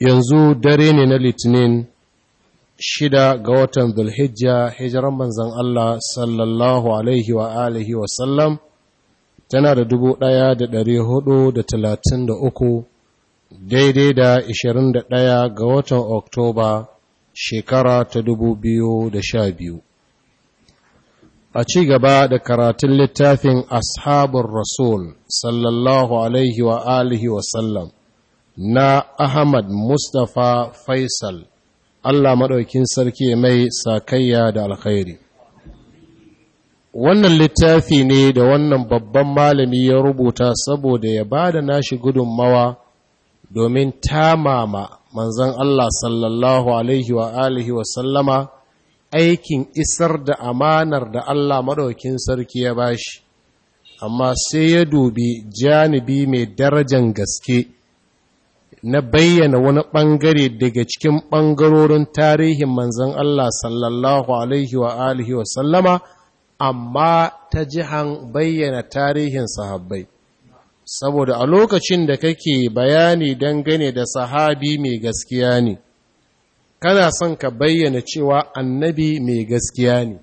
yanzu dare ne na litinin shida ga watan zulhijja hijiran manzan Allah sallallahu alaihi wa alihi wasallam tana da dubu ɗaya da ɗari hudu da talatin da uku daidai da ishirin da ɗaya ga watan oktoba shekara ta dubu biyu da sha biyu a ci gaba da karatun littafin ashabun rasul sallallahu alaihi wa alihi wasallam na Ahmad Mustapha Faisal, Allah maɗaukin sarki mai sakayya da alkhairi. Wannan littafi ne da wannan babban malami ya rubuta saboda ya ba da nashi gudunmawa domin tamama manzan Allah sallallahu Alaihi wa alihi wa sallama aikin isar da amanar da Allah maɗaukin sarki ya bashi, amma sai ya dubi janibi mai darajan gaske. na bayyana wani ɓangare daga cikin ɓangarorin tarihin manzan Allah sallallahu Alaihi wa alihi wa sallama amma ta jihan bayyana tarihin sahabbai saboda a lokacin da kake bayani dangane da sahabi mai gaskiya ne kana son ka bayyana cewa annabi mai gaskiya ne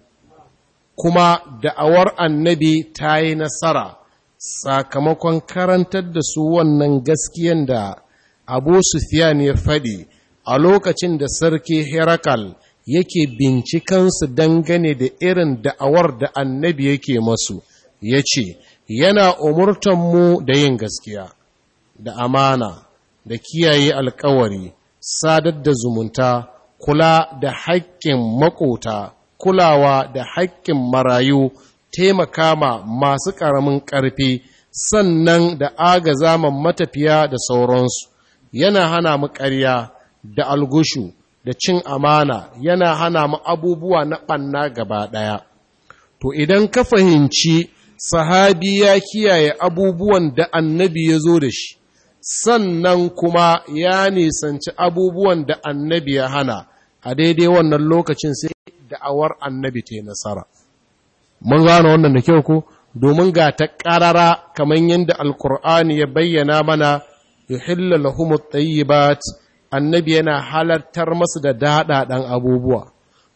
kuma da'awar annabi ta yi nasara sakamakon karantar da su wannan gaskiyan da abu sufyan ya faɗi a lokacin da sarki herakal yake bincikansu dangane da irin da'awar da annabi yake masu ya ce yana umurtanmu da yin gaskiya da amana da kiyaye alkawari sadar da zumunta kula da haƙƙin maƙota kulawa da haƙƙin marayu taimaka ma masu ƙaramin ƙarfi sannan da agaza matafiya da sauransu yana hana mu ƙarya da algushu da cin amana yana hana mu abubuwa na ɓanna gaba ɗaya to idan ka fahimci sahabi ya kiyaye abubuwan da annabi ya zo da shi sannan kuma ya nisanci abubuwan da annabi ya hana a daidai wannan lokacin sai da'awar annabi ta nasara mun gano wannan da kyau ko domin ga ta ƙarara kamar yadda alkur'ani ya bayyana mana yuhilla lahum at-tayyibat annabi yana halartar masu da daɗaɗan abubuwa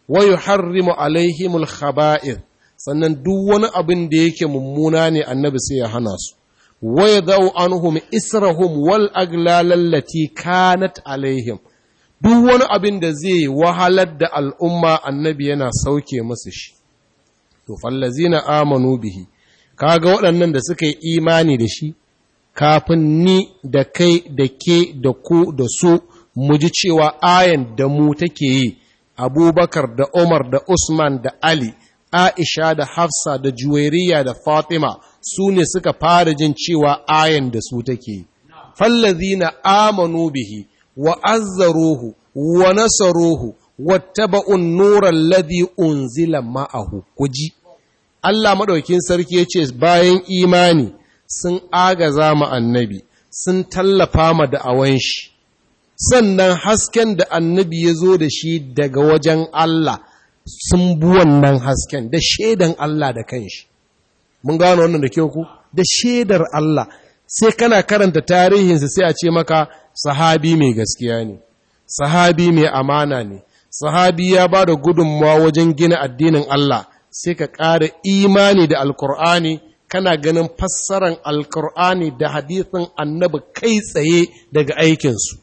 wa yuharrimu alaihim al-khaba'ith sannan duk wani abin da yake mummuna ne annabi sai ya hana su wa yadau anhum israhum wal aglal allati kanat alaihim duk wani abin da zai wahalar da al'umma annabi yana sauke musu shi to fallazina amanu bihi kaga waɗannan da suka yi imani da shi kafin ni da kai da ke da ku da su mu ji cewa ayan da mu take yi abubakar da umar da usman da ali aisha da hafsa da juwairiya da fatima su ne suka fara jin cewa ayan da su take yi na amanu bihi wa azzaruhu wa nasaruhu wattaba'un nuran ladhi unzila ma'ahu kuji Allah madaukin sarki ce bayan imani sun agaza ma annabi sun tallafa ma awan shi sannan hasken da annabi ya zo da shi daga wajen Allah sun bu wannan hasken da shaidan Allah da kanshi mun gano wannan da kyau ku da shaidar Allah sai kana karanta tarihinsa sai a ce maka sahabi mai gaskiya ne sahabi mai amana ne sahabi ya ba da gudunmawa wajen gina addinin Allah sai ka ƙara imani da alkur'ani kana ganin fassaran alkur'ani da hadithin annabi kai tsaye daga aikinsu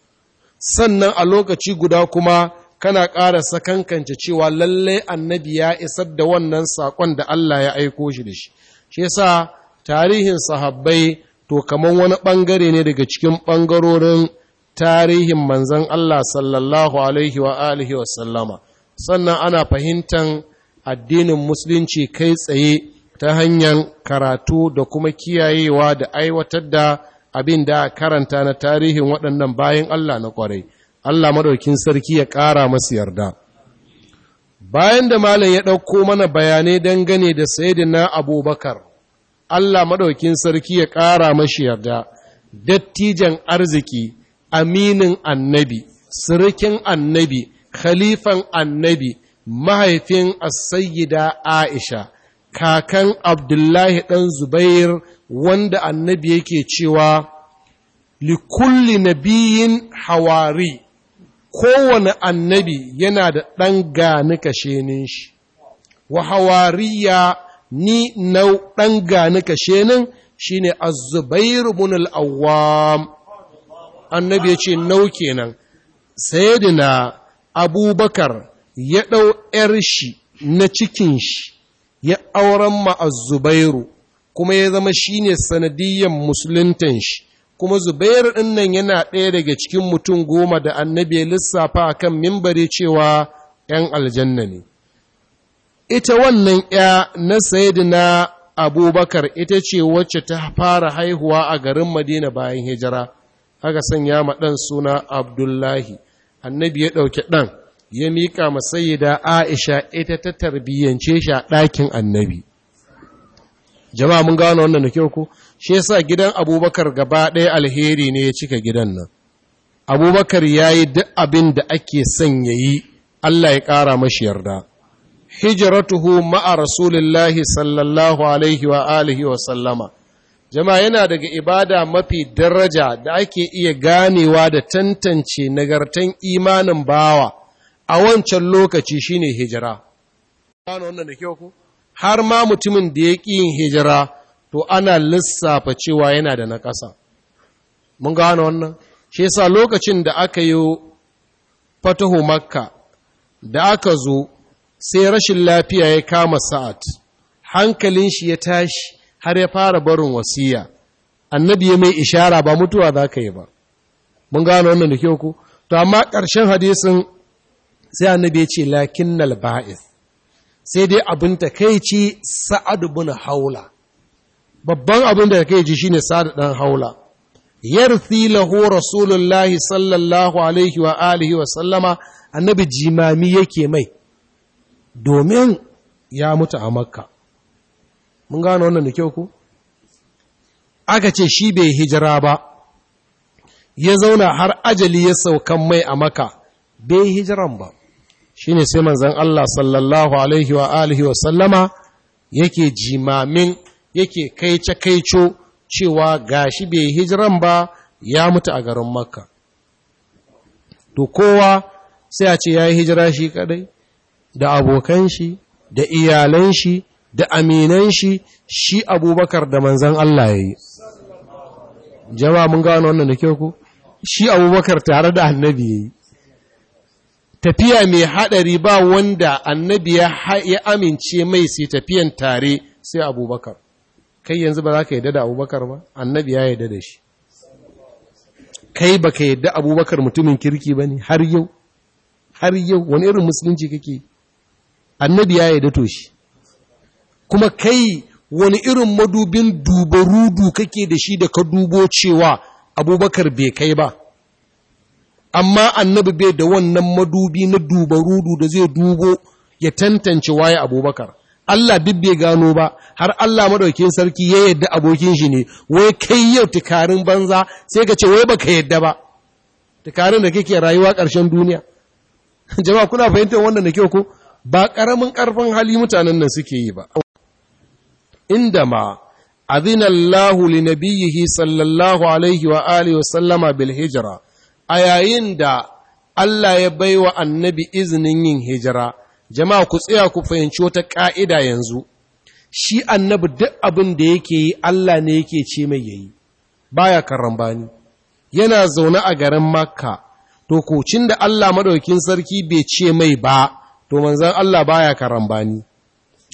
sannan a lokaci guda kuma kana ƙara sakankance cewa lallai annabi ya isar da wannan saƙon da Allah ya aiko shi da shi shi yasa tarihin sahabbai to kamar wani ɓangare ne daga cikin ɓangarorin tarihin manzon Allah sallallahu alaihi wa alihi wa sallama sannan ana fahimtan addinin musulunci kai tsaye ta hanyar karatu da kuma kiyayewa da aiwatar da abin da karanta na tarihin waɗannan bayan Allah na ƙwarai, Allah maɗaukin sarki ya ƙara masu yarda. Bayan da Malam ya ɗauko mana bayanai dangane da saidina Abubakar, Allah maɗaukin sarki ya ƙara mashi yarda, dattijan arziki, aminin annabi, sirikin annabi, khalifan annabi, mahaifin as Aisha. kakan abdullahi ɗan zubair wanda annabi yake cewa likulli nabiyin hawari kowane annabi yana da ɗan gani nin shi wa hawariya ni na ɗan gani kashenin shi ne azubairu bin al'awam annabi ya ce nau kenan sayidina abubakar ya ɗau ‘yar shi na cikin shi ya auren ma Zubairu kuma ya zama shine sanadiyyan musuluntan shi kuma Zubairu ɗin nan yana ɗaya daga cikin mutum goma da annabi ya lissafa kan mimbari cewa ‘yan aljanna ne. Ita wannan ‘ya na na Abubakar ita ce wacce ta fara haihuwa a garin Madina bayan hijira, haka sanya ma ɗan suna Abdullahi, annabi ya ɗauki ɗan. ya mika miƙa da aisha ita ta tarbiyyance shi a ɗakin annabi jama'a mun gano wannan da kyau ko shi yasa gidan abubakar gaba ɗaya alheri ne ya cika gidan nan abubakar ya yi duk abin da ake son ya yi allah ya ƙara mashi yarda hijiratuhu ma'a rasulillahi sallallahu alaihi wa alihi wa sallama jama'a yana daga ibada mafi daraja da ake iya ganewa da tantance nagartan imanin bawa a wancan lokaci shine hijira gano wannan da kyau ko har ma mutumin da ya ƙi yin hijira to ana lissafa cewa yana da na ƙasa mun gano wannan shi yasa lokacin da aka yi fatahu makka da aka zo sai rashin lafiya ya kama sa'at hankalin shi ya tashi har ya fara barin wasiya annabi ya mai ishara ba mutuwa za ka yi ba mun gano wannan da kyau ku to amma ƙarshen hadisin sai annabi ya ce lakinnal ba'is sai dai abin ta kai ci sa'ad bin haula babban abin da kai ji shine sa'ad ɗan haula yarthi lahu rasulullahi sallallahu alaihi wa alihi wa sallama annabi jimami yake mai domin ya mutu a makka mun gano wannan da kyau ku aka ce shi bai hijira ba ya zauna har ajali ya saukan mai a maka bai hijiran ba ne sai manzan Allah sallallahu alaihi wa alihi wa sallama yake jimamin yake kaice kaico cewa ga shi bai hijiran ba ya mutu a garin Makka to kowa sai a ce ya yi hijira shi kadai da abokan shi da iyalan shi da aminan shi shi abubakar da manzan Allah ya yi jama mun gano wannan da kyau ku shi abubakar tare da annabi ya yi tafiya mai haɗari ba wanda annabi ya amince mai sai tafiyan tare sai abubakar kai yanzu ba za ka yadda da abubakar ba annabi ya yadda da shi kai ba ka yadda abubakar mutumin kirki ba ne har yau har yau wani irin musulunci kake annabi ya yadda to shi kuma kai wani irin madubin dubarudu kake da shi da ka dubo cewa abubakar bai kai ba amma annabi bai da wannan madubi na dubarudu da zai dubo ya tantance waye abubakar Allah duk bai gano ba har Allah madaukin sarki ya yadda abokin shi ne wai kai yau tukarin banza sai ka ce wai baka yadda ba tukarin da kake rayuwa ƙarshen duniya jama'a kuna fahimtar wannan da kyau ko ba karamin karfin hali mutanen nan suke yi ba inda ma adina Allahu li nabiyhi sallallahu alaihi wa alihi wa sallama bil hijra a yayin da Allah ya baiwa annabi izinin yin hijira jama'a ku tsaya ku fahimci wata ƙa'ida yanzu shi annabi duk abin da yake yi Allah ne yake ce mai yayi ya karambani yana zaune a garin makka to kocin da Allah maɗaukin sarki bai ce mai ba to manzan Allah baya karambani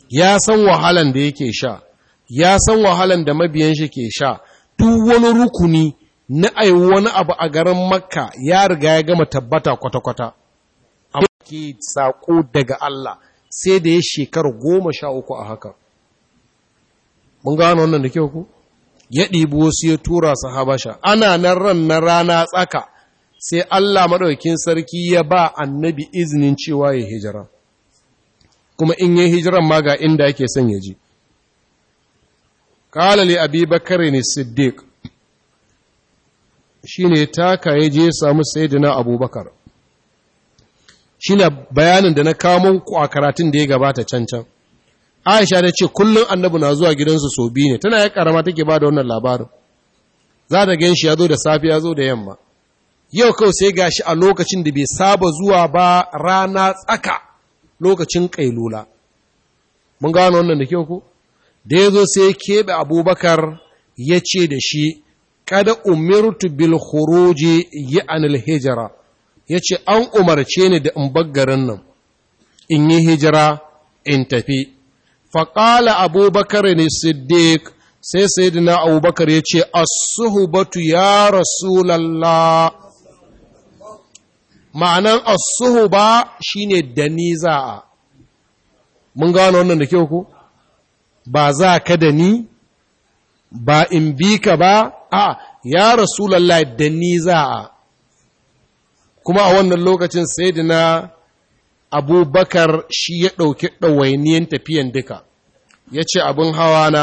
ya san wahalan da yake sha ya san wahalan da mabiyan shi ke sha duk wani rukuni na ai wani abu a garin makka ya riga ya gama tabbata kwata-kwata amma ke saƙo daga Allah sai da ya shekaru goma sha uku a haka mun gano wannan da kyau ku ya ɗibi wasu ya tura su habasha ana nan ran na rana tsaka sai Allah maɗaukin sarki ya ba annabi izinin cewa ya hijira kuma in yi hijiran ma ga inda yake son ya ji. Kala li Abi bakari ne Siddiq, Shi shine taka ya je samu na abubakar Shi shine bayanin da na kawo muku a karatun da ya gabata can can aisha ta ce kullum annabi na zuwa gidansu sau biyu ne tana ya karama take ba da wannan labarin za ta gan shi ya zo da safi ya zo da yamma yau kawai sai ga shi a lokacin da bai saba zuwa ba rana tsaka lokacin kailula mun gano wannan da kyau ko da ya zo sai keɓe abubakar ya ce da shi kada umirtu bil khuruji yi anil hijira ya ce an umarce ni da in garin nan in yi hijira in tafi faƙala abubakar ne siddiq sai sayidina abubakar ya ce asuhubatu ya rasulallah ma'anan asuhuba shine da za'a mun gano wannan da kyau ku ba za ka da ni ba in bi ka ba a ya rasulallah da ni za a kuma a wannan lokacin sai da na abubakar shi ya ɗauki ɗawainiyan tafiyan duka ya ce abin hawa na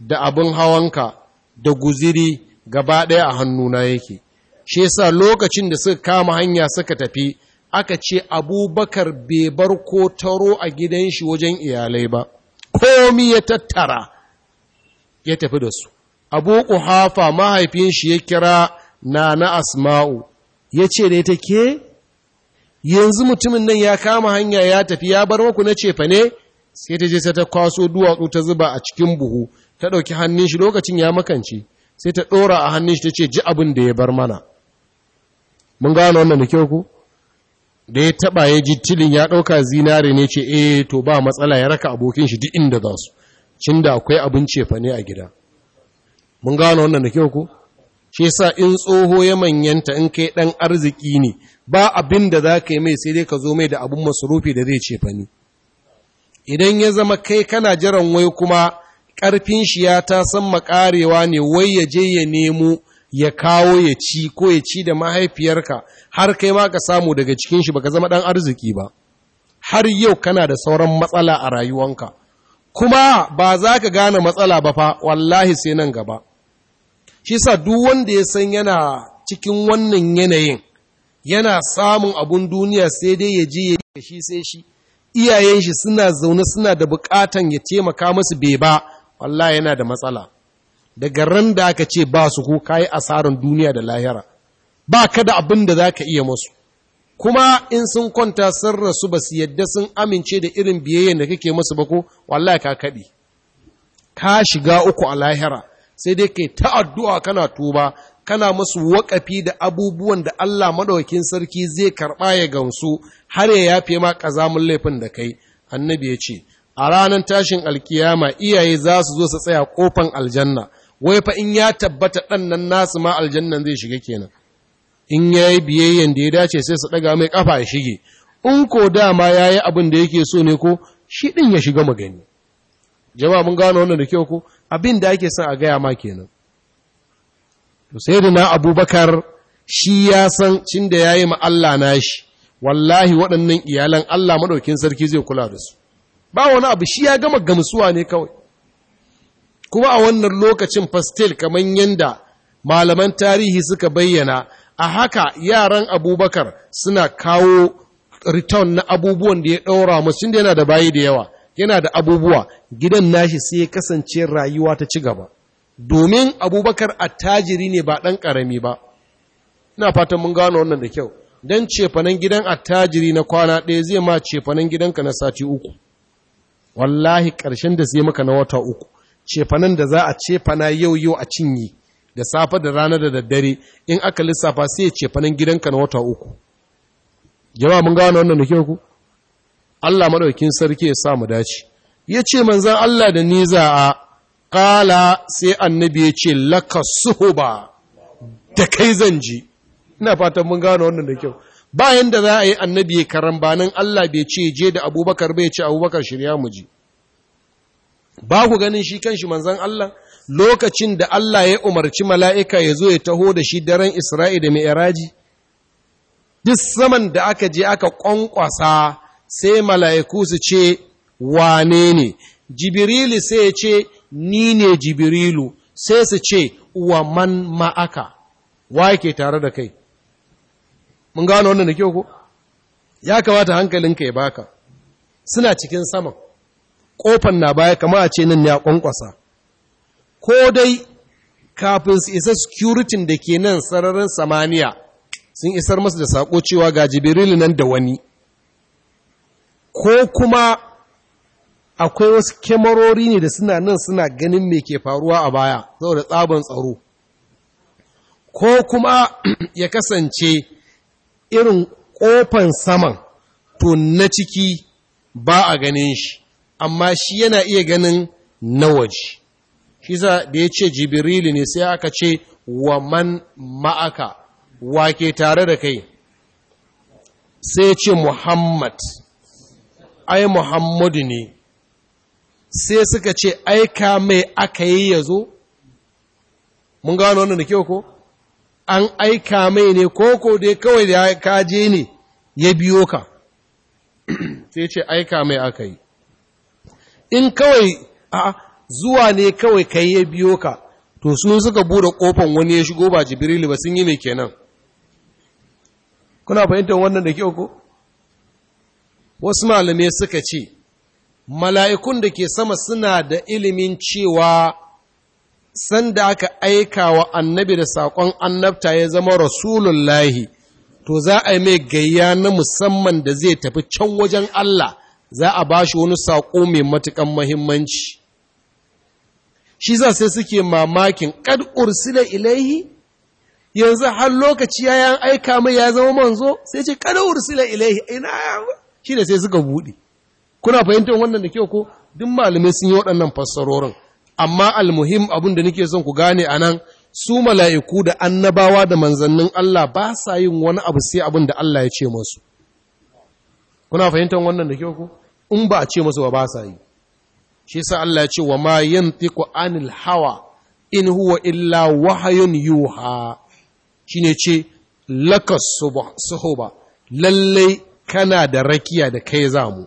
da abin hawanka da guziri gaba ɗaya a hannuna yake shi yasa lokacin da suka kama hanya suka tafi aka ce abubakar bai bar ko taro a gidan shi wajen iyalai ba komi ya tattara ya tafi da su abu ƙuhafa mahaifin shi ya kira na na asma'u ya ce da ita ke yanzu mutumin nan ya kama hanya ya tafi ya bar maku na cefa ne sai ta je sai ta kwaso duwatsu ta zuba a cikin buhu ta ɗauki hannun shi lokacin ya makance sai ta ɗora a hannun shi ta ce ji abin da ya bar mana mun gano wannan da kyau ku da ya taɓa ya ji tilin ya ɗauka zinare ne ce e to ba matsala ya raka abokin shi duk inda za su cin akwai abin cefa ne a gida mun gano wannan da kyau ko shi yasa in tsoho ya manyanta in kai dan arziki ne ba abin da za ka yi mai sai dai ka zo mai da abun masurufi da zai ce fani idan ya zama kai kana jiran wai kuma karfin shi ya ta san makarewa ne wai ya je ya nemo ya kawo ya ci ko ya ci da mahaifiyarka har kai ma ka samu daga cikin shi baka zama dan arziki ba har yau kana da sauran matsala a rayuwanka kuma ba za ka gane matsala ba fa wallahi sai nan gaba shi sa duk wanda ya san yana cikin wannan yanayin yana samun abun duniya sai dai ya je ya shi sai shi iyayen shi suna zaune suna da bukatan ya taimaka musu bai ba wallahi yana da matsala daga ran da aka ce ba su ko kayi asarar duniya da lahira ba ka da abin da za ka iya musu kuma in sun kwanta sun rasu ba su yadda sun amince da irin biyayyen da kake masu ba ko wallahi ka kaɗi ka shiga uku a lahira sai dai kai ta addu'a kana tuba kana musu waƙafi da abubuwan da Allah maɗaukin sarki zai karɓa ya gamsu har ya yafe ma ƙazamun laifin da kai annabi ya ce a ranar tashin alkiyama iyaye za su zo su tsaya ƙofan aljanna wai fa in ya tabbata ɗan nan nasu ma aljannan zai shiga kenan in ya yi biyayyen da ya dace sai su ɗaga mai ƙafa ya shige in ko dama ya yi abin da yake so ne ko shi ɗin ya shiga magani jama'a mun gano wannan da kyau ko abin da ake son a gaya ma kenan to sai da na abubakar shi ya san cin da ya yi ma Allah na shi wallahi waɗannan iyalan Allah maɗaukin sarki zai kula da su ba wani abu shi ya gama gamsuwa ne kawai kuma a wannan lokacin fastil kamar yadda malaman tarihi suka bayyana a haka yaran abubakar suna kawo return na abubuwan da ya ɗaura musu da yana da bayi da yawa yana da abubuwa gidan nashi sai ya kasance rayuwa ta ci gaba domin abubakar attajiri ne ba ɗan ƙarami ba ina fatan mun gano wannan da kyau don cefanen gidan attajiri na kwana ɗaya zai ma cefanen gidanka na sati uku wallahi ƙarshen da zai maka na wata uku cefanen da za a cefana yau yau a cinye da safe da rana da daddare in aka lissafa sai ya ce fanin gidanka na wata uku jama'a mun gano wannan da ku Allah madaukin sarki ya sa mu dace yace manzon Allah da ni za a qala sai annabi ya ce laka suhuba da kai zan je. ina fatan mun gano wannan da kyau bayan da za a yi annabi ya karambanin Allah bai ce je da abubakar bai ce abubakar shirya mu ji ba ku ganin shi kanshi manzan Allah lokacin da Allah ya umarci mala'ika ya zo ya taho da shi daren Isra'i da Mi'iraji? Duk saman da aka je aka ƙwanƙwasa sai mala'iku su ce, Wane ne? Jibirilu sai ya ce, Ni ne Jibirilu, sai su ce, Wa man ma'aka, wa yake tare da kai. Mun gano wannan da kyau ko? Ya kamata hankalinka ya baka, suna cikin saman, ƙofan na baya kama a ce nan ya ƙwanƙwasa. ko dai kafin su isa security da ke nan sararin samaniya sun isar masu da sako cewa ga jibrilu nan da wani ko kuma akwai wasu kyamarori ne da suna nan suna ganin me ke faruwa a baya saboda tsaban tsaro ko kuma ya kasance irin ƙofan saman to na ciki ba a ganin shi amma shi yana iya ganin na waje shi sa da ya ce jibirili ne sai aka ce wa man ma'aka Wa ke tare da kai sai ce muhammad ai muhammadu ne sai suka ce aika mai aka yi ya zo mun gano wannan da kyau ko an aika mai ne Ko dai kawai da ka je ne ya biyo ka sai ce aika mai aka yi in kawai a'a. zuwa ne kawai kai ya biyo ka to su suka bude kofan wani ya shigo ba jibrilu ba sun yi mai kenan kuna fahimtar wannan da kyau ko wasu malamai suka ce mala'ikun da ke sama suna da ilimin cewa sanda aka aika wa annabi da saƙon annabta ya zama rasulullahi to za a yi mai gayya na musamman da zai tafi can wajen Allah za a ba shi wani saƙo mai matuƙan mahimmanci shi za sai suke mamakin kad ursila ilaihi yanzu har lokaci ya aika mai ya zama manzo sai ce kad ursila ilaihi ina shi da sai suka buɗe kuna fahimtar wannan da kyau ko duk malamai sun yi waɗannan fassarorin amma almuhim abin da nake son ku gane a nan su mala'iku da annabawa da manzannin Allah ba sa yin wani abu sai abin da Allah ya ce masu kuna fahimtar wannan da kyau ko in ba a ce masu ba ba sa yi shi sa Allah ya ce wa ma tiku anil hawa in huwa illa wahayun yuha ne ce lakas suhuba lallai kana da rakiya da kai zamu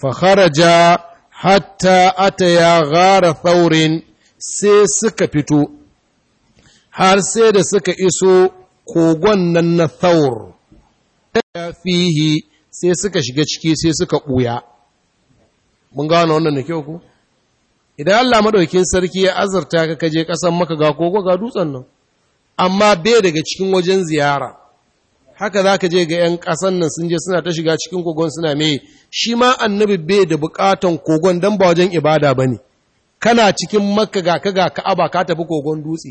fa kharaja hatta ataya ghara thawrin sai suka fito har sai da suka iso kogon nan na thawr fihi sai suka shiga ciki sai suka ɓuya mun gano wannan da kyau ko idan Allah madaukin sarki ya azurta ka kaje kasan maka ga koko ga dutsen nan amma bai daga cikin wajen ziyara haka za ka je ga 'yan kasan nan sun je suna ta shiga cikin kogon suna mai shi ma annabi bai da bukatan kogon dan ba wajen ibada ba ne kana cikin makka ga ka ga ka'aba ka tafi kogon dutse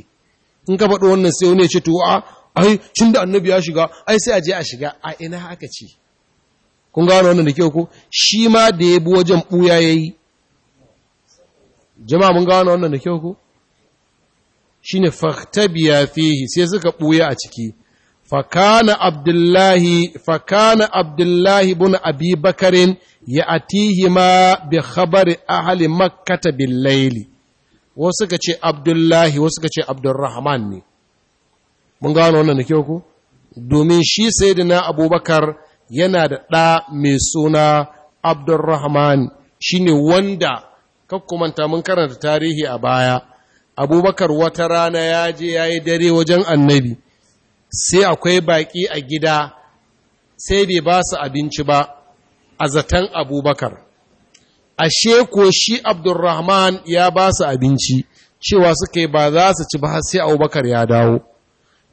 in ka faɗo wannan sai wani ya ce to a ai tunda annabi ya shiga ai sai a je a shiga a ina haka ce kun gano wannan da kyau ko shi ma da ya bi wajen ɓuya ya yi jama'a mun gano wannan da kyau ko shi ne faktabiya fihi sai suka ɓuya a ciki fakana abdullahi fakana abdullahi bin abi bakarin ya atihi ma bi khabari ahli makkata bin laili wasu ka ce abdullahi wasu ka ce abdurrahman ne mun gano wannan da kyau ko domin shi sayyidina abubakar yana da ɗa mai suna abdurrahman shine wanda kakkumanta mun karanta tarihi a baya abubakar wata rana ya je ya yi dare wajen annabi sai akwai baƙi a gida sai bai ba su abinci ba a zaton abubakar ashe ko shi abdurrahman ya ba su abinci cewa suka yi ba za su ci ba sai abubakar ya dawo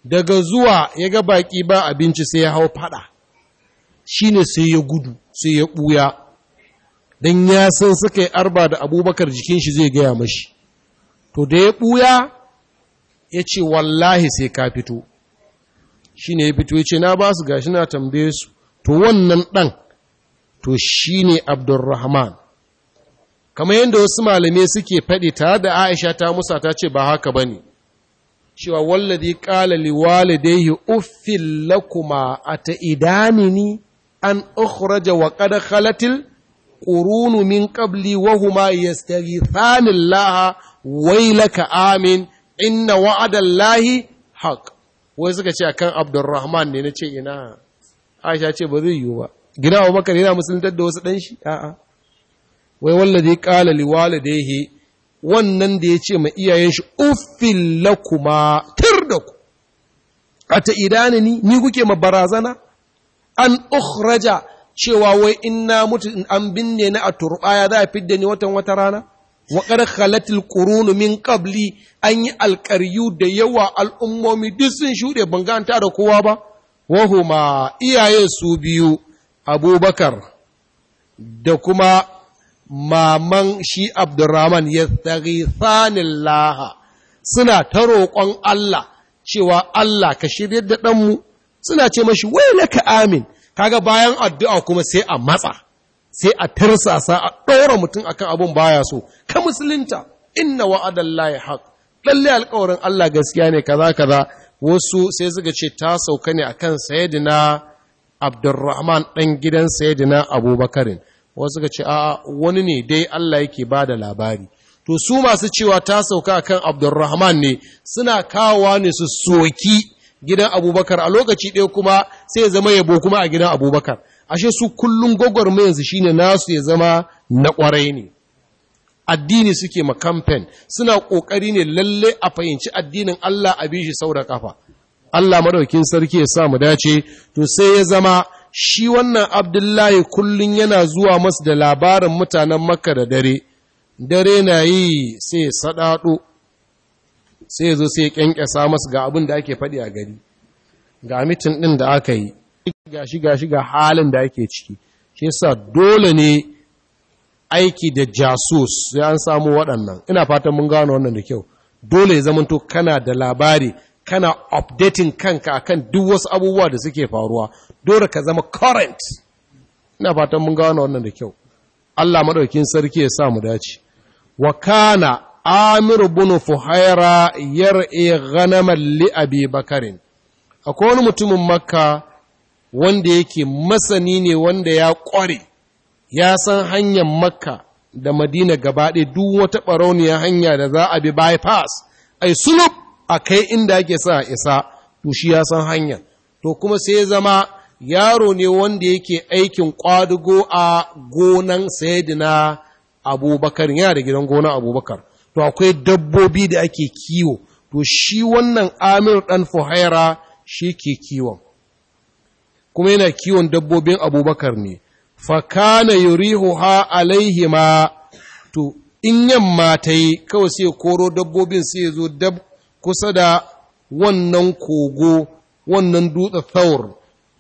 daga zuwa ya ga baƙi ba abinci sai ya hau faɗa. shine sai ya gudu sai ya ɓuya Dan ya san suka yi arba da abubakar jikin shi zai gaya mashi to da ya ɓuya ya ce wallahi sai ka fito shi ne ya fito ya ce na ba su gashi na tambaye su to wannan ɗan to shi ne abdurrahman kamar yadda wasu malamai suke faɗi tare da aisha ta musa ta ce ba haka ba ne cewa wallazi ƙala liwalidayhi uffin lakuma a ta idamini an ukhraja wa qad khalatil qurunu min qabli wa huma yastaghithani Allah wailaka amin inna Allah haq wai suka ce akan Abdurrahman ne nace ina Aisha ce ba zai yiwu ba gina wa makar yana musuluntar da wasu dan shi a'a wai wallazi qala liwalidayhi wannan da ya ce ma iyayen shi uffin lakuma tirdaku ata ku ni ni kuke ma barazana an ukhraja cewa wai in na mutu in an binne na a turbaya za a fidda ni watan wata rana wa kar khalatil qurunu min qabli an yi alqaryu da yawa al'ummomi duk sun shuɗe banganta da kowa ba huma iyaye su biyu abubakar da kuma maman shi abdurrahman ya laha suna ta roƙon Allah cewa Allah ka shirya da ɗanmu suna ce mashi wai laka amin kaga bayan addu'a kuma sai a matsa sai a tarsasa a ɗora mutum akan abin baya so ka musulunta inna wa'adallahi haƙ ɗalle alƙawarin Allah gaskiya ne kaza kaza wasu sai suka ce ta sauka ne akan sayidina Abdurrahman ɗan gidan sayidina Abubakarin wasu suka ce a wani ne dai Allah yake ba da labari to su masu cewa ta sauka akan Abdurrahman ne suna kawowa ne su soki gidan abubakar a lokaci ɗaya kuma sai ya zama yabo kuma a gidan abubakar ashe su kullum yanzu shine nasu ya zama na ƙwarai ne addini suke ma kamfen suna ƙoƙari ne lalle a fahimci addinin Allah a bishi sau da ƙafa. Allah maɗaukin sarki ya sa mu dace to sai ya zama shi wannan Abdullahi kullum yana zuwa masu da labarin mutanen Makka da dare dare na yi sai ya saɗaɗo sai ya zo sai ya kyankyasa masu ga abin da ake faɗi a gari ga mitin ɗin da aka yi gashi gashi ga halin da ake ciki shi sa dole ne aiki da jasus sai an samu waɗannan ina fatan mun gano wannan da kyau dole ya zamanto kana da labari kana updating kanka akan duk wasu abubuwa da suke faruwa dole ka zama current ina fatan mun gano wannan da kyau Allah madaukin sarki ya sa mu dace wa kana amir bin fuhaira yar'e ghanamar li bakarin akwai wani mutumin makka wanda yake masani ne wanda ya ƙware ya san hanyar makka da madina gabaɗe duk wata ɓarauniyar hanya da za a bi bypass ai sulub a kai inda ake sa isa to shi ya san hanyar to kuma sai zama yaro ne wanda yake aikin ƙwadugo a gonan sayidina abubakar yana da gidan gonan abubakar to akwai dabbobi da ake kiwo to shi wannan amir ɗan fuhaira shi ke kiwon kuma yana kiwon dabbobin abubakar ne fakana yurihu ha alaihima to in yamma ta yi kawai sai koro dabbobin sai zo dab kusa da wannan kogo wannan dutse thaur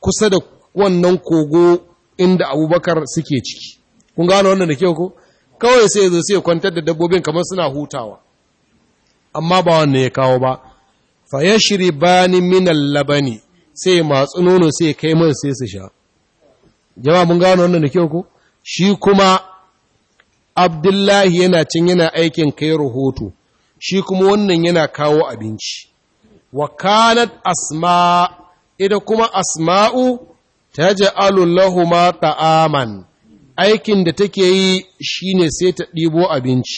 kusa da wannan kogo inda abubakar suke ciki kun gano wannan da kyau ko kawai sai zo sai kwantar da dabbobin kamar suna hutawa amma ba wannan ya kawo ba fa bani min al-labani sai matsu nono sai kai mana sai su sha jama'a mun gano wannan da kyau ko shi kuma Abdullahi yana cin yana aikin kai rahoto shi kuma wannan yana kawo abinci wa kanat asma ida kuma asma'u taj'alu ma ta'aman aikin da take yi shi ne sai ta ɗibo abinci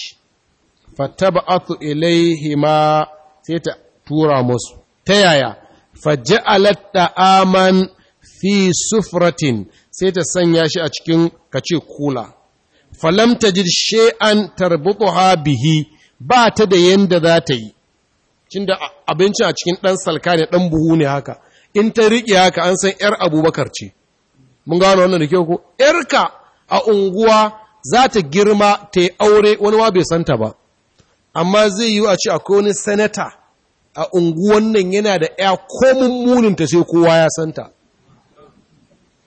ilai hima sai ta tura musu ta yaya alatta aman fi sufratin sai ta sanya shi a cikin kace kula falam an tarbuku ha bihi ba ta da yadda za ta yi da abinci a cikin ɗan salka ne ɗan buhu ne haka in ta riƙe haka an san ‘yar abubakar ce mun gano wannan da kyau ko ‘yarka a unguwa za ta girma ta yi aure wani wa bai santa ba amma zai yi a ce akwai wani sanata a unguwan nan yana da ya ko ta sai kowa ya santa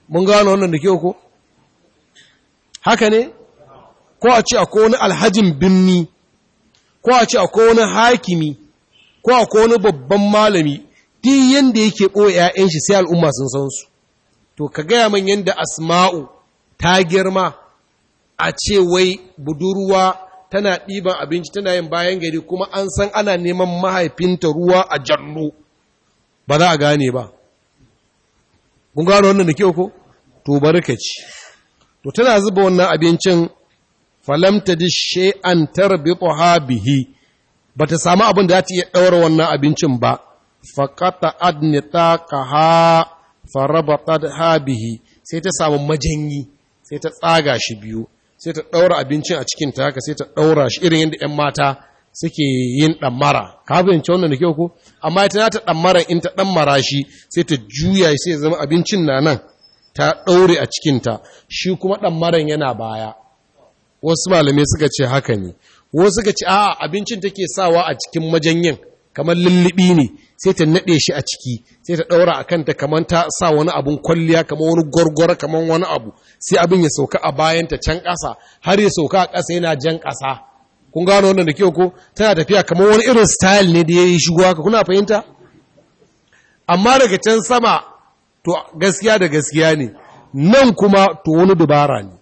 mun gano wannan da ke ko haka ne ko a ce akwai wani alhajin birni ko a ce akwai wani hakimi ko akwai wani babban malami duk yadda yake ɓoye 'ya'yan shi sai al'umma sun san su to ka gaya man yanda asma'u ta girma a ce wai budurwa tana ɗiban abinci tana yin bayan gari kuma an san ana neman mahaifinta ruwa a jannu ba za a gane ba kun gano wannan da kyau ko to barkaci to tana zuba wannan abincin falamta di shay'an ha bihi Ba ta samu abin da za ta iya ɗaura wannan abincin ba faƙata adnita kaha farabata bihi sai ta samu majanyi sai ta tsaga shi biyu sai ta ɗaura abincin a cikin ta haka sai ta ɗaura shi irin yadda 'yan mata suke yin ɗammara ka fahimci wannan da kyau ko amma ita ta ɗammara in ta ɗammara shi sai ta juya sai zama abincin na nan ta ɗaure a cikinta shi kuma ɗammaran yana baya wasu malamai suka ce haka ne wasu suka ce a abincin take sawa a cikin majanyin kamar lullubi ne sai ta naɗe shi a ciki sai ta ɗaura a kanta kamar ta sa wani abun kwalliya kamar wani gwargwar, kamar wani abu sai abin ya sauka a bayanta can ƙasa har ya sauka a ƙasa yana jan ƙasa kun gano wannan da kyau ko tana tafiya kamar wani irin style ne da ya yi shigo haka kuna fahimta amma daga can sama to gaskiya da gaskiya ne nan kuma to wani dubara ne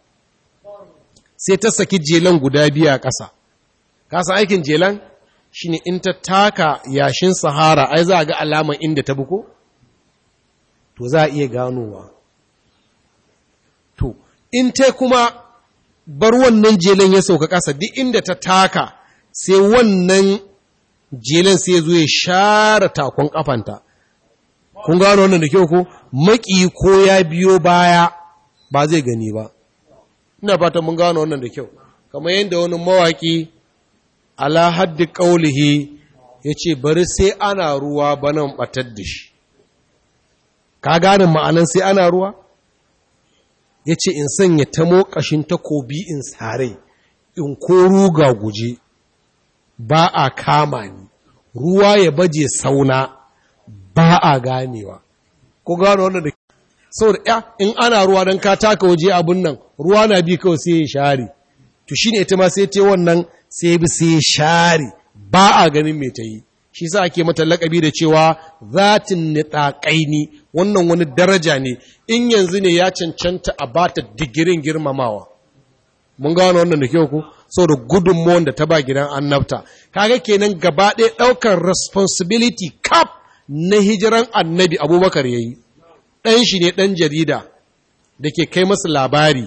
sai ta saki jelan guda biya ƙasa ka san aikin jelan Shin in ta taka yashin sahara ai za a ga alaman inda ta buko to za a iya ganowa to in ta kuma bar wannan jelen ya sauka ƙasa duk inda ta taka sai wannan jelen sai zuwa ya share takon kafanta kun gano wannan da kyau ko maki ko ya biyo baya ba zai gani ba ina fata mun gano wannan da kyau kamar yadda wani mawaki ala haddi ƙaulihi ya ce bari sai ana ruwa nan ɓatar da shi ka gane ma'anin sai ana ruwa ya ce in sanya ta mokashin takobi in sare in ko ga guje ba a kama ni ruwa ya baje sauna ba a ganewa ko gano wanda da saboda ya in ana ruwa don ka taka waje abin nan ruwa na bi kawai sai ya share to shine ita ma sai ta wannan sai bi sai share ba a ganin me ta yi shi sa ake mata lakabi da cewa zatin nitaqaini wannan wani daraja ne in yanzu ne ya cancanta a bata digirin girmamawa mun gano wannan da kyau ku saboda gudunmuwan da ta ba gidan annabta kaga kenan gaba ɗaya ɗaukar responsibility cap na hijiran annabi abubakar ya yi ɗan shi ne ɗan jarida da ke kai masa labari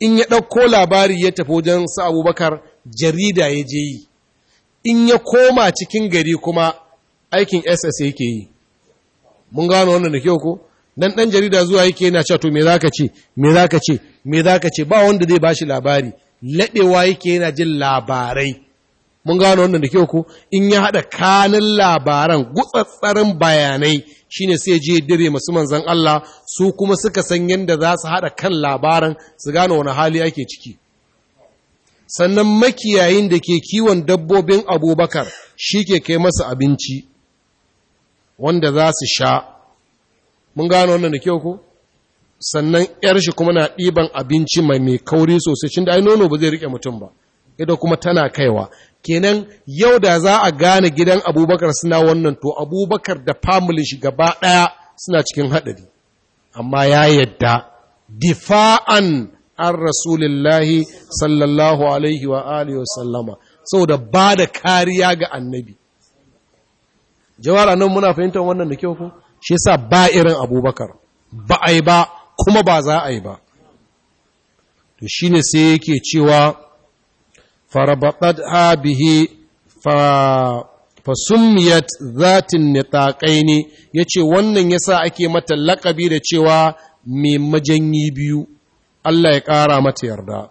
in ya ɗauko labari ya tafi wajen sa abubakar jarida ya je yi in ya koma cikin gari kuma aikin ss yake yi mun gano wannan da kyau ko dan dan jarida zuwa yake yana cewa to me zaka ce me zaka ce me zaka ce ba wanda zai bashi labari ladewa yake yana jin labarai mun gano wannan da kyau ko in ya hada kanin labaran gutsatsarin bayanai shine sai je dire masu manzon Allah su kuma suka san yanda za su hada kan labaran su gano wani hali ake ciki sannan makiyayin da ke kiwon dabbobin abubakar shi ke kai masa abinci wanda za su sha mun gano wannan da kyau ko sannan yar shi kuma na ɗiban abinci mai mai kauri sosai shi da ai nono ba zai rike mutum ba ita kuma tana kaiwa kenan yau da za a gane gidan abubakar suna wannan to abubakar da family shi gaba ɗaya suna cikin haɗari amma ya yadda difa'an an rasulillahi sallallahu alaihi wa alihi wasallama saboda ba da kariya ga annabi jawara nan muna fahimtar wannan da kyau ko shi yasa ba irin abubakar ba a yi ba kuma ba za a yi ba to shi ne sai yake cewa farabatat ha bihi ne fasummiyat zatin ya ce wannan yasa ake mata lakabi da cewa mai majanyi biyu Allah ya ƙara mata yarda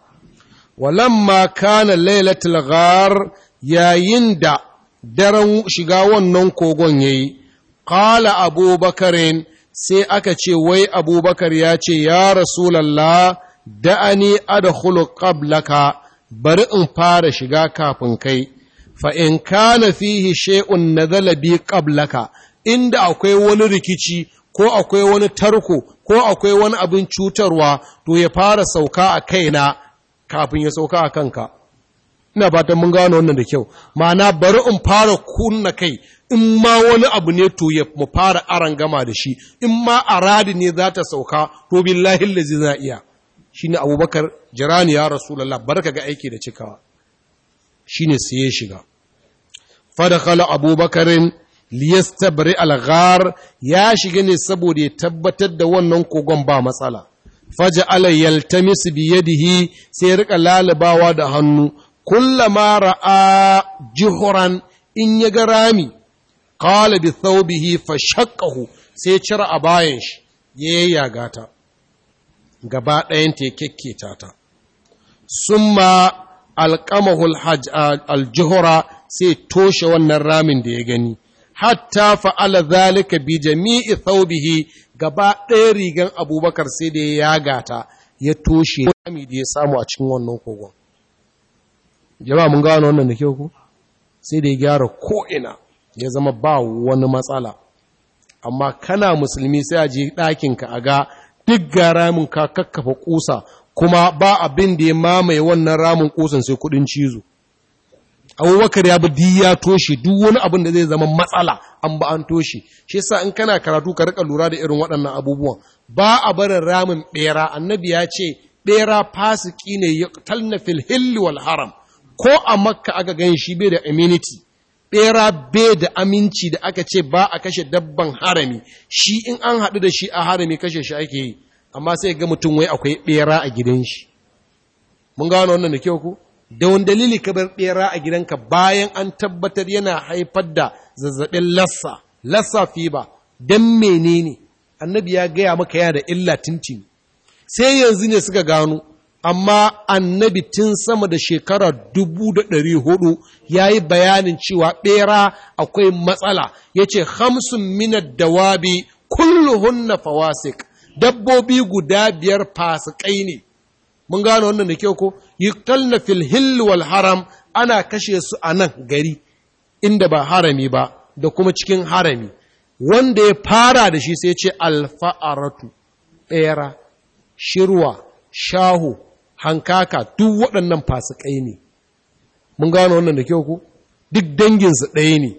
walamma kana lailatul ghar yayin da daren shiga wannan kogon yayi qala abubakarin sai aka ce wai abubakar ya ce ya rasulallah da'ani adkhulu qablaka bari in fara shiga kafin kai fa in kana fihi shay'un nazala bi qablaka inda akwai wani rikici ko akwai wani tarko ko akwai wani abin cutarwa to ya fara sauka a kaina kafin ya sauka a kanka ina fatan mun gano wannan da kyau ma'ana bari in fara kunna kai in ma wani abu ne to ya mu fara aran gama da shi in ma aradi ne za ta sauka to billahi lazi za iya ne abubakar jirani ya rasu lala, barka ga aiki da cikawa Shi ne ya shiga fadakala abubakarin liyastabri bari ghar ya shiga ne saboda ya tabbatar da wannan kogon ba matsala Faja ala yaltamis bi yadihi sai ya rika lalabawa da hannu kullama ra'a juhran in ya ga rami qala bi thawbihi fashaqqahu sai cira a bayan shi ya gata gaba ɗayan ta kekketa ta summa alqamahu al aljuhra sai toshe wannan ramin da ya gani hatta fa'ala zalika bi jami'i thawbihi gaba ɗaya rigan abubakar sai da ya yaga ya toshe rami da ya samu a cikin wannan kogon jama'a mun gano wannan da kyau ku sai da ya gyara ko'ina ya zama ba wani matsala amma kana musulmi sai a je ɗakinka a ga duk ga ramin ka kakkafa kusa kuma ba abin da ya mamaye wannan ramin ƙusan sai kuɗin cizo abubakar ya bi diya ya toshe duk wani abin da zai zama matsala an ba an toshe shi yasa in kana karatu ka rika lura da irin waɗannan abubuwan ba a barin ramin ɓera. annabi ya ce bera fasiki ne ya talna fil hilli wal haram ko a makka aka gan shi bai da immunity bera bai da aminci da aka ce ba a kashe dabban harami shi in an haɗu da shi a harami kashe shi ake yi amma sai ga mutum wai akwai ɓera a gidan shi mun gano wannan da kyau ku da wani dalili ka bar ɓera a gidanka bayan an tabbatar yana haifar da zazzabin lassa lassa fi ba, don menene annabi ya gaya maka yana da illa tintin sai yanzu ne suka gano amma annabi tun sama da shekara dubu da ɗari hudu ya yi bayanin cewa ɓera akwai matsala ya ce hamsin minar dawabi na fawasik dabbobi guda biyar fasikai ne mun gano wannan da kyau ko yuktalna fil hill wal haram ana kashe su a nan gari inda ba harami ba da kuma cikin harami wanda ya fara da shi sai ce alfa'aratu ɓera shirwa shahu hankaka duk waɗannan fasikai ne mun gano wannan da kyau ko duk danginsu ɗaya ne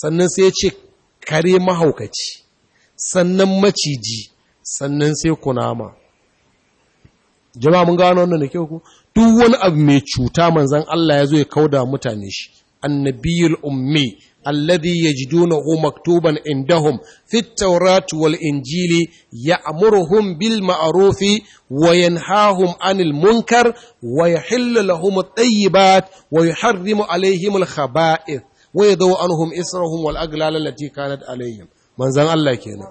sannan sai ce kare mahaukaci sannan maciji sannan sai kunama jama'a mun gano wannan da kyau ku duk wani abu mai cuta manzon Allah ya zo ya kauda mutane shi annabiyul ummi alladhi hu, maktuban indahum fit tawrati wal injili ya'muruhum bil ma'rufi wa yanhahum 'anil munkar wa yahillu lahum at-tayyibat wa yuharrimu 'alayhim al-khaba'ith wa yadhu anhum israhum wal aglal allati kanat 'alayhim manzon Allah kenan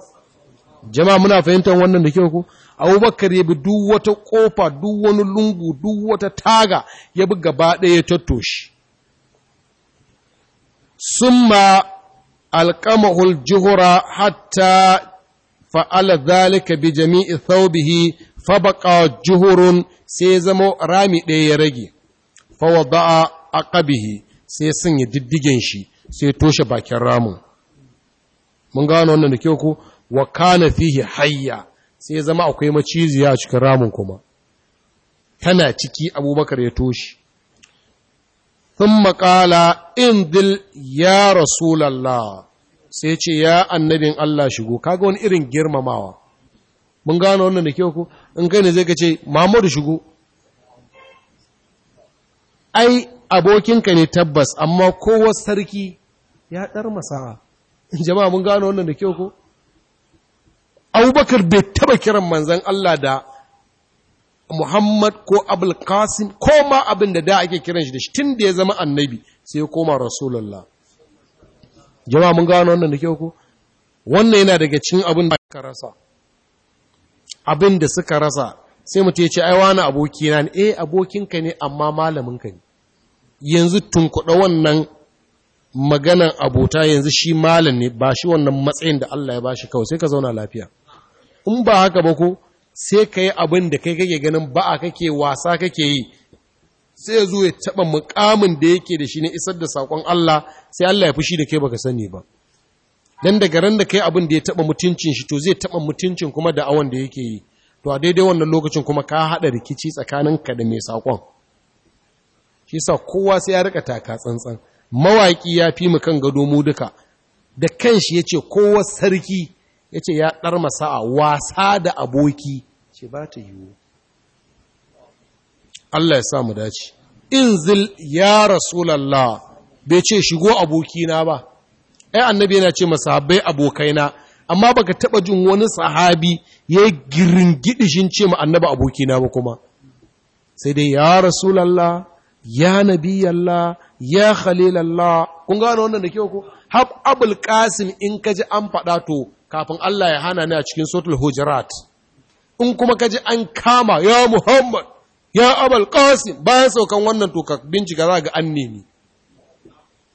jama'a muna fahimtar wannan da kyau ku abubakar ya bi duk wata ƙofa duk wani lungu duk wata taga ya bi gaba ɗaya ya Sun summa alƙamahul juhura hatta fa'ala zalika bi jami'i thawbihi fabaqa juhurun sai zama rami ɗaya ya rage a ƙabihi sai sanya yi diddigen shi sai toshe bakin ramun mun gano wannan da kyau ko wa kana fihi hayya sai zama akwai maciziya a cikin ramun kuma tana ciki abubakar ya toshi sun makala in dil ya rasulallah sai ce ya annabin Allah shigo kaga wani irin girmamawa mun gano wannan da kyau ku in kai ne zai ka ce Muhammadu shigo ai abokinka ne tabbas amma kowa sarki ya ɗar masa'a jama'a mun gano wannan da kyau ku abubakar bai taba kiran manzan Allah da Muhammad ko Abul Qasim ko ma abin da da ake kiran shi da shi tun da ya zama annabi sai ya koma Rasulullah. Jama'a mun gano wannan da kyau ko? Wannan yana daga cin abin da suka rasa. Abin da suka rasa sai mutum ya ce ai wani aboki na ne eh abokinka ne amma malaminka ne. Yanzu tunkuɗa wannan maganan abota yanzu shi malam ne ba shi wannan matsayin da Allah ya bashi kawai sai ka zauna lafiya. in ba haka ba ko sai ka yi abin da kai kake ganin ba a kake wasa kake yi sai zo ya taɓa mukamin da yake da shi na isar da saƙon Allah sai Allah ya fushi da kai baka sani ba dan daga ran da kai abin da ya taɓa mutuncin shi to zai taɓa mutuncin kuma da awon da yake yi to a daidai wannan lokacin kuma ka haɗa rikici tsakanin ka da mai saƙon shi sa kowa sai ya rika taka tsantsan mawaƙi ya fi mu kan gado mu duka da kanshi ya ce kowa sarki ya ce ya ɗar masa a wasa da aboki ce ba ta yiwu Allah ya sa mu dace inzil ya rasulallah bai ce shigo abokina ba ai annabi yana ce masahabbai abokaina amma baka taɓa jin wani sahabi ya girin shin ce ma annabi abokina ba kuma sai dai ya rasulallah ya nabiyallah ya khalilallah kun gano wannan da kyau ko hab abul qasim in kaji an faɗa to kafin Allah ya hana ni a cikin sotul hujurat in kuma ka ji an kama ya muhammad ya abal qasim bayan saukan wannan to ka bincika za ga an nemi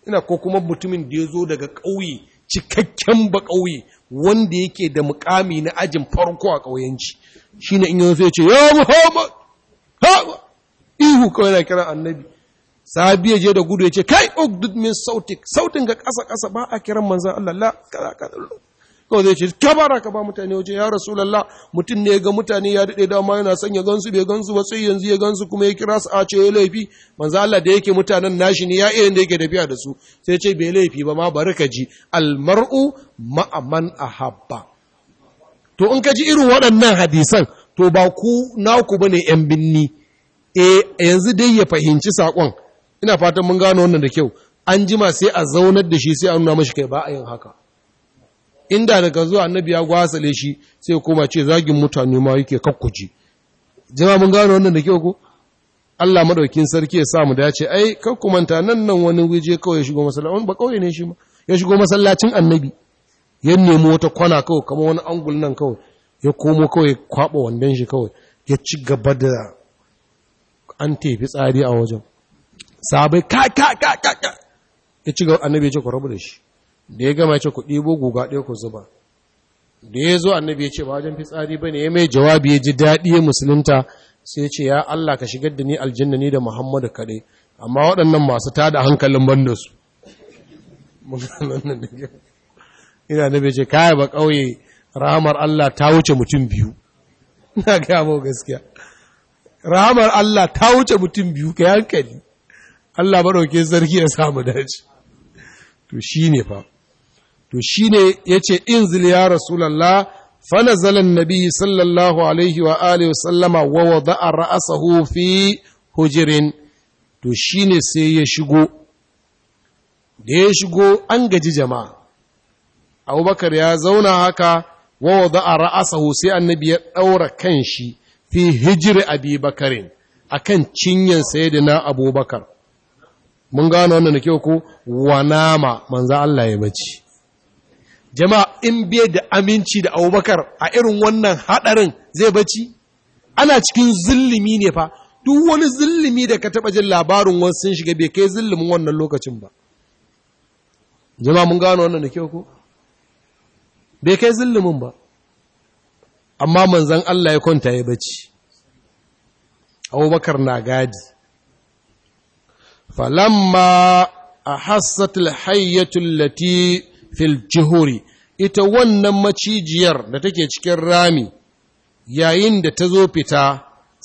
ina ko kuma mutumin da ya zo daga ƙauye cikakken ba ƙauye wanda yake da mukami na ajin farko a ƙauyenci shi na in yi ya ce ya muhammad haɓa ihu kawai na kiran annabi Sabi ya je da gudu ya ce kai ok duk min sautik sautin ga ƙasa ƙasa ba a kiran manzan allah la kaza kaza kawai zai ce bara ka ba mutane waje ya rasu lalla mutum ne ga mutane ya dade dama yana son ya gansu bai gansu ba sai yanzu ya gansu kuma ya kira su a ce ya laifi manzo Allah da yake mutanen nashi ne ya iya yanda yake tafiya da su sai ce bai laifi ba ma bari ka ji almar'u ma'aman ahabba to in ka ji irin waɗannan hadisan to ba ku naku ne yan binni eh yanzu dai ya fahimci sakon ina fatan mun gano wannan da kyau an jima sai a zaunar da shi sai a nuna mashi kai ba a yin haka inda daga zuwa annabi ya gwasale shi sai koma ce zagin mutane ma yake kakkuji jama mun gano wannan da kyau ko Allah madaukin sarki ya sa mu dace ai kar ku manta nan nan wani waje kawai ya shigo masallaci ba kauye ne shi ma ya shigo masallacin annabi ya nemo wata kwana kawai kamar wani angul nan kawai ya komo kawai kwaba wandan shi kawai ya ci gaba da an tefi tsari a wajen sabai ka ka ka ka ya ci gaba annabi ya ce ku rabu da shi da ya gama ce ku ɗibo guga ɗaya ku zuba da ya zo annabi ya ce ba wajen fitsari ba ne ya mai jawabi ya ji daɗi musulunta sai ce ya Allah ka shigar da ni aljanna ni da Muhammadu kaɗai amma waɗannan masu ta da hankalin banda su ina da ce kaya ba ƙauye rahamar Allah ta wuce mutum biyu na gaya mau gaskiya rahamar Allah ta wuce mutum biyu ka hankali Allah maɗauke sarki ya samu dace to shi ne fa to shine yace inzil ya rasulullah sallallahu alaihi صلى wa sallama, wa wa ووضع ra'asa fi hujirin. to shine sai ya shigo da ya shigo an gaji jama'a abubakar ya zauna haka wa za a ra'asahu sai annabi ya ɗaura kan shi fi hijiri abubakarin a kan cinyan na abubakar mun gano wannan da kyau ko wanama manza Allah ya bace jama'a in bai da aminci da abubakar a irin wannan haɗarin zai bacci, ana cikin zillimi ne fa duk wani zillimi da ka taɓa jin labarin wasu sun shiga bai kai zillimin wannan lokacin ba jama'a mun gano wannan da kyau ko bai kai zillimin ba amma manzan Allah ya kwanta ya bacci abubakar na gadi falamma a hassatul hayyatul lati fil jihuri ita wannan macijiyar da take cikin rami yayin da ta zo fita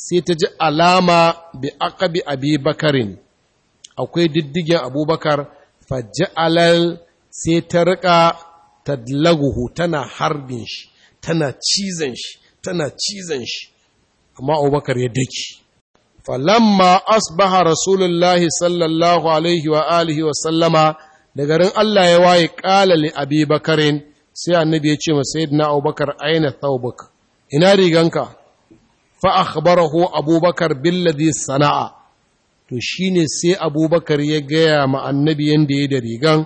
sai ta ji alama bi aqabi abi bakarin akwai diddigin abubakar faja'alal sai ta riƙa tadlaguhu tana harbin shi tana cizon shi tana cizon shi amma abubakar ya daki falamma asbaha rasulullahi sallallahu alaihi wa alihi wa sallama da garin Allah ya waye ƙalali li abi bakarin sai annabi ya ce ma sayyidina abubakar aina thawbuk ina riganka fa akhbarahu abubakar billadhi sana'a to shine sai abubakar ya gaya ma annabi ya da rigan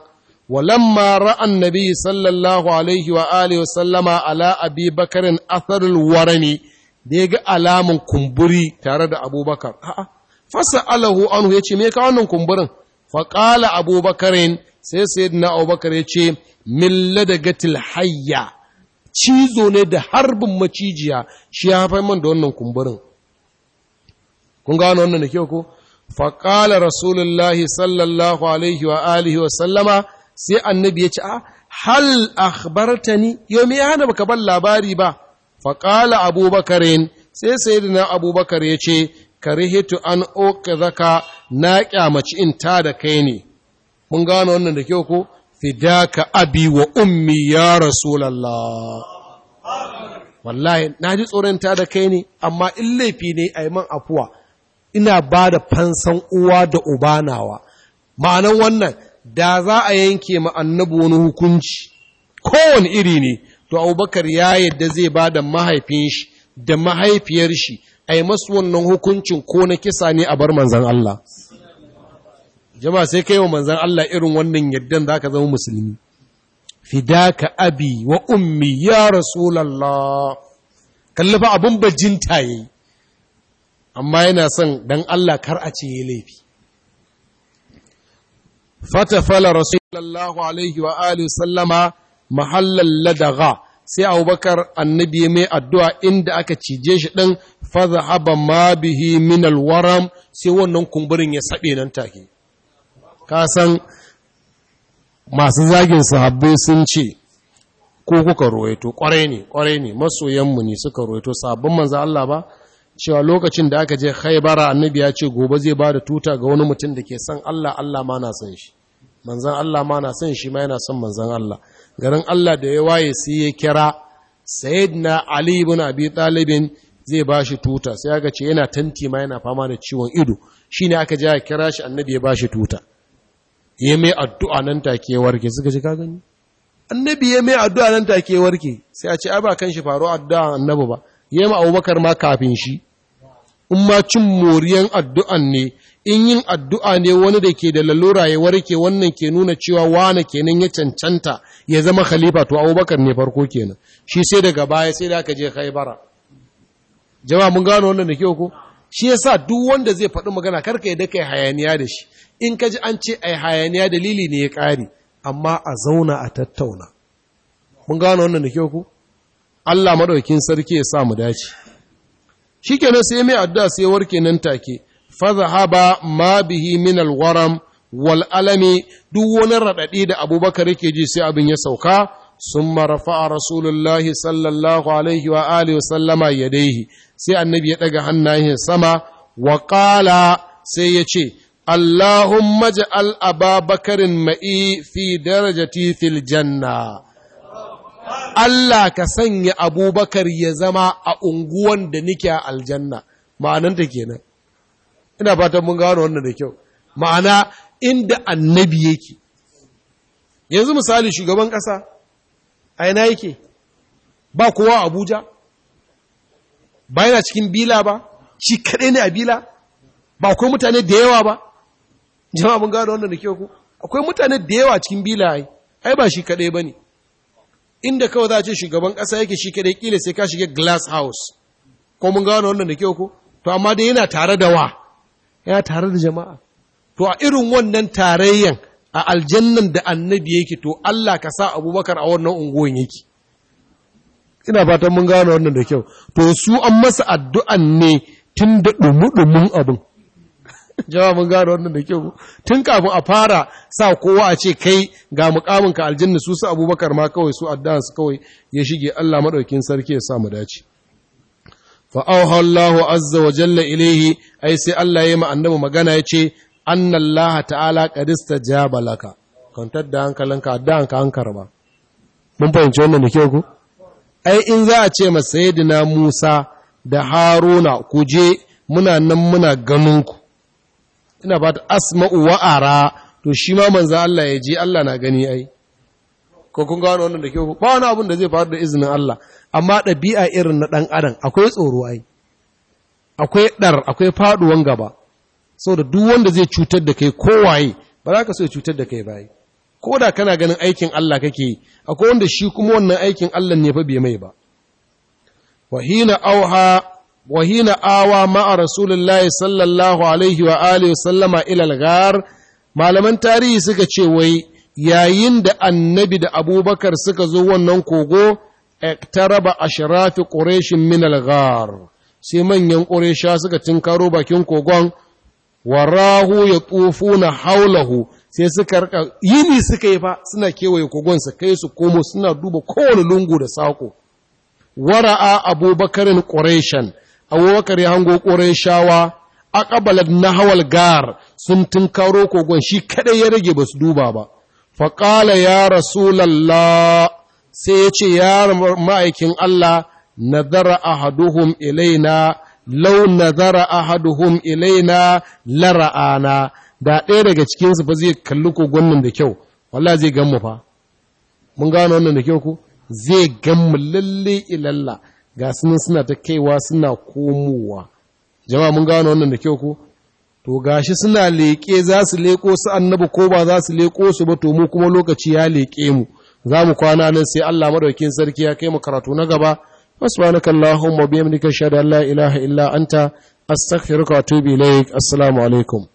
walamma ra'a annabi sallallahu alaihi wa alihi wa sallama ala abi bakarin atharul warani da ya ga alamun kumburi tare da abubakar a'a fasa alahu anhu ya ce me ka wannan kumburin faƙala abubakarin sai sayyidina abubakar ya ce Mille da gatil hayya cizo ne da harbin macijiya shi ya haifar man da wannan kumburin kun gano wannan da kyau ko faƙala rasulullahi sallallahu alaihi wa alihi wa sallama sai annabi ya ce a ah, hal akhbartani yau me hana baka ban labari ba faƙala yin, sai sayyidina abubakar ya ce karihitu an okazaka na kyamaci in ta da kai ne mun gano wannan da kyau ko fidaka abi wa ummi ya rasulullah wallahi na ji tsoron ta da kai ne amma in laifi ne a yi man afuwa ina ba da fansan uwa da ubanawa ma'anan wannan da za a yanke ma annabi wani hukunci kowane iri ne to abubakar ya yadda zai ba da mahaifin shi da mahaifiyar shi a yi masu wannan hukuncin ko na kisa ne a bar manzan Allah jama'a sai kai wa manzan Allah irin wannan yaddan za ka zama musulmi fidaka abi wa ummi ya rasulallah kalli fa abin bajinta ya yi amma yana son don Allah kar a ce ya laifi fatafala rasulallahu alaihi wa alihi sallama mahallar ladaga sai abubakar annabi mai addu'a inda aka cije shi ɗin faza haba ma bihi min sai wannan kumburin ya saɓe nan take kasan masu zagin sahabbai sun ce ko kuka ruwaito kwarai ne kwarai ne masoyanmu ne suka ruwaito sabbin manzan Allah ba cewa lokacin da aka je haibara annabi ya ce gobe zai ba da tuta ga wani mutum da ke san Allah Allah ma na son shi manzan Allah ma na son shi ma yana son manzan Allah garin Allah da ya waye sai ya kira sayyidina Ali ibn Abi Talib zai ba shi tuta sai aka ce yana tanti ma yana fama da ciwon ido shine aka je ya kira shi annabi ya ba shi tuta ya mai addu'a nan take warke suka ce ka gani annabi ya mai addu'a nan take warke sai a ce a' ba kan shi faru addu'a annabi ba ya ma abubakar ma kafin shi in ma cin moriyan addu'an ne in yin addu'a ne wani da ke da lalura ya warke wannan ke nuna cewa wane kenan ya cancanta ya zama khalifa to abubakar ne farko kenan shi sai daga baya sai da aka je haibara jama'a mun gano wannan da kyau ko shi yasa duk wanda zai faɗi magana karka ya daka hayaniya da shi in ka ji an ce ai hayaniya dalili ne ya ƙare. amma a zauna a tattauna mun gano wannan da kyau ku Allah madaukin sarki ya sa mu dace shikenan sai mai addu'a sai warke nan take fa zahaba ma bihi min alwaram wal alami duk wani radadi da Abubakar yake ji sai abin ya sauka summa rafa'a rasulullahi sallallahu alaihi wa alihi wa sallama yadayhi sai annabi ya daga hannayen sama wa qala sai ya ce Allahumma ja'al ababakarin ma'i fi darajati fil janna. Allah ka sanya abubakar ya zama a unguwan da nike a aljanna, ma'ananta kenan. Ina fatan mun gano wannan da kyau. Ma'ana inda annabi yake. Yanzu misali shugaban ƙasa, a yana yake, ba kowa Abuja, ba yana cikin bila ba, Ci kaɗai ne a bila, ba akwai mutane da yawa ba. jama'a mun gano wannan da ke ku akwai mutane da yawa cikin bilaye ai ba shi kadai bane inda kawai za a ce shugaban kasa yake shi kadai kila sai ka shiga glass house ko mun gano wannan da ke ku to amma dai yana tare da wa yana tare da jama'a to a irin wannan tarayyan a aljannan da annabi yake to Allah ka sa abubakar a wannan unguwan yake ina fatan mun gano wannan da kyau to su an masa addu'an ne tun da dumu-dumun abin jawa mun gano wannan da kyau tun kafin a fara sa kowa a ce kai ga mukamin ka aljanna su su abubakar ma kawai su addan su kawai ya shige Allah madaukin sarki ya sa mu dace fa auha Allahu azza wa jalla ilaihi ai sai Allah ya ma annabi magana ya ce anna Allah ta'ala qadista jabalaka kantar da hankalinka addan ka hankar ba mun fahimci wannan da kyau ku ai in za a ce ma sayyidina Musa da Haruna ku je muna nan muna ganin ku ina ba ta asma'u wa'ara to shi ma manza Allah ya je Allah na gani ai ko kun gano wannan da ke ba wani abin da zai faru da izinin Allah amma ɗabi'a irin na ɗan adam akwai tsoro ai akwai ɗar akwai faɗuwan gaba da duk wanda zai cutar da kai kowaye ba za ka so ya cutar da kai bai ko da kana ganin aikin Allah kake yi akwai wanda shi kuma wannan aikin Allah ne fa bai mai ba wa hina auha وهنا آوى مع رسول الله صلى الله عليه وآله وسلم إلى الغار malaman tarihi suka ce wai yayin da annabi da abubakar suka zo wannan kogo ektaraba ashrafi quraishin min al sai manyan quraisha suka tinkaro bakin kogon warahu ya tufuna haulahu sai suka rika yini suka yi fa suna kewaye kogon su kai su komo suna duba kowane lungu da sako wara'a abubakarin quraishan abubakar ya hango ƙorai shawa ƙabalar nahawal gar sun tunkaro kogon shi kaɗai ya rage ba su duba ba faƙala ya rasulallah sai ya ce ya ma'aikin Allah nazara ahaduhum ilaina lau nazara ahaduhum ilaina lara'ana da ɗaya daga cikinsu fa zai kalli kogon nan da kyau wallah zai gan mu fa mun gano wannan da kyau ku zai gan mu lalle ilalla ga sunan suna ta kaiwa suna komowa jama'a mun gano wannan da kyau ko to gashi suna leƙe za su leƙo su annabi ko ba za su leƙo su ba to mu kuma lokaci ya leƙe mu za mu kwana nan sai Allah madaukin sarki ya kai mu karatu na gaba subhanaka allahumma bihamdika shada la ilaha illa anta astaghfiruka wa atubu ilaik assalamu alaikum